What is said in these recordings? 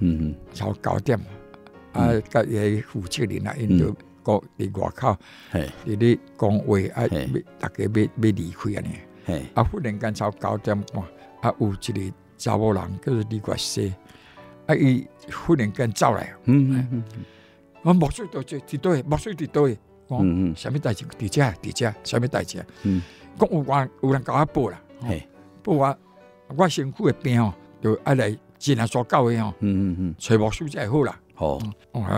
嗯，超九點，啊，甲伊負責人啊，因都過嚟外口，佇咧講話啊，逐家未未離開啊呢，啊忽然間超九點，來來嗯、哼啊有一日查某人叫做李國西。啊伊忽然間走嚟，我冇需要坐佗位，冇需要佗位，我，啥物代志佇遮佇遮車？啥物代志啊。嗯，講有人甲我報啦，報啊、嗯哼，我身軀嘅病哦，就愛來。盡量做到的吼、嗯，嗯嗯嗯，找無所在好啦，哦，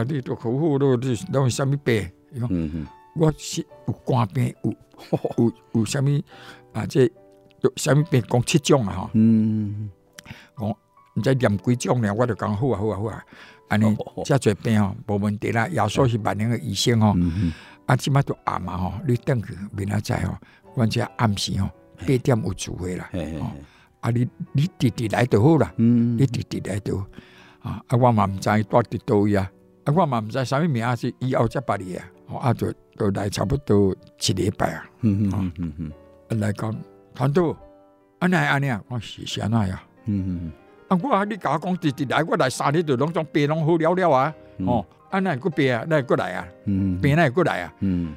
你都好好都，你有啥咪病？嗯嗯，我是有肝病，有有有啥咪啊？這有啥咪病？講七種啊！吼。嗯，我唔、啊、知念幾種呢？我就講好啊好啊好啊！啊，安呢遮濟病哦，冇問題啦。耶穌是萬能的醫生哦，啊，即擺都暗啊哦，你等佢，明仔載哦，阮遮暗時哦，八點有聚會啦，哦嘿。嗯啊！你你弟弟來就好啦，嗯、你弟弟來就啊！我嘛毋知伊住佇倒位啊，我嘛毋知啥物名啊，是以後才捌你啊，我阿、啊、就就來差不多一禮拜啊。嗯嗯嗯嗯，來講團度，阿奶阿娘，我是先阿呀。嗯嗯嗯，阿我你甲我講弟弟來。我來。三日就攏將病攏好了了啊。哦，阿奶個病啊，嚟、啊過，啊、過來啊，病嚟、嗯、過來啊、嗯。嗯。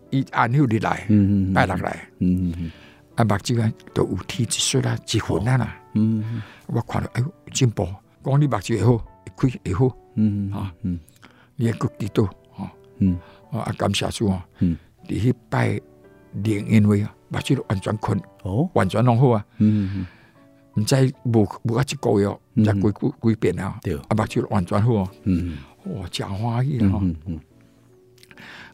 依暗休嚟來拜人來嗯，嗯，啊，目睭啊都有天之水啦，之魂啦。我看到哎進步，講你目睭會好，會開會好，嗯啊，你 e 角度啊，啊，感謝主啊，你去拜靈恩會啊，目睭都完全困，哦，完全攏好啊，唔知無無一個月，唔知幾幾幾遍啊，阿目睭完全好，哦，真歡喜啊。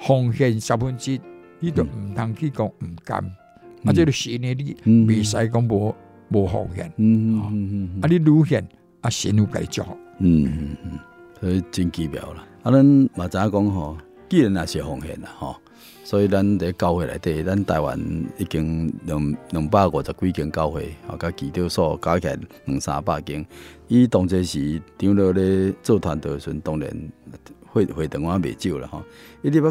奉獻十分之一你度毋通去講毋甘，啊即著是因為啲未使講冇冇奉獻啊，啊你路線啊線路幾多？嗯嗯嗯，所以真奇妙啦。啊，咱嘛知影講吼，既然是奉獻啦，吼，所以咱佇教會內底，咱台灣已經兩兩百五十幾間教會，啊，甲其他所加起來兩三百間。伊當時當時張羅咧做團團陣，當然會會等我袂少啦，吼，伊啲不。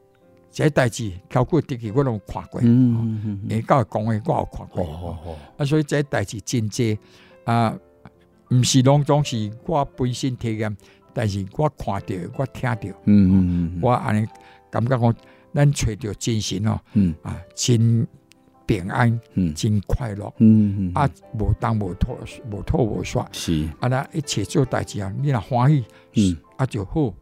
這代志，靠過啲嘢我都看過，你家講嘅我有看過，哦哦哦、啊所以這代志真濟，啊唔是攏總是我本身體驗，但是我看到我聽到、嗯哼哼啊，我安尼感覺我，咱揣到精神嗯，啊真平安，嗯、真快樂，嗯、哼哼啊無當無拖無拖無甩，是啊啦一切做代志、嗯、啊，你若歡喜，啊就好。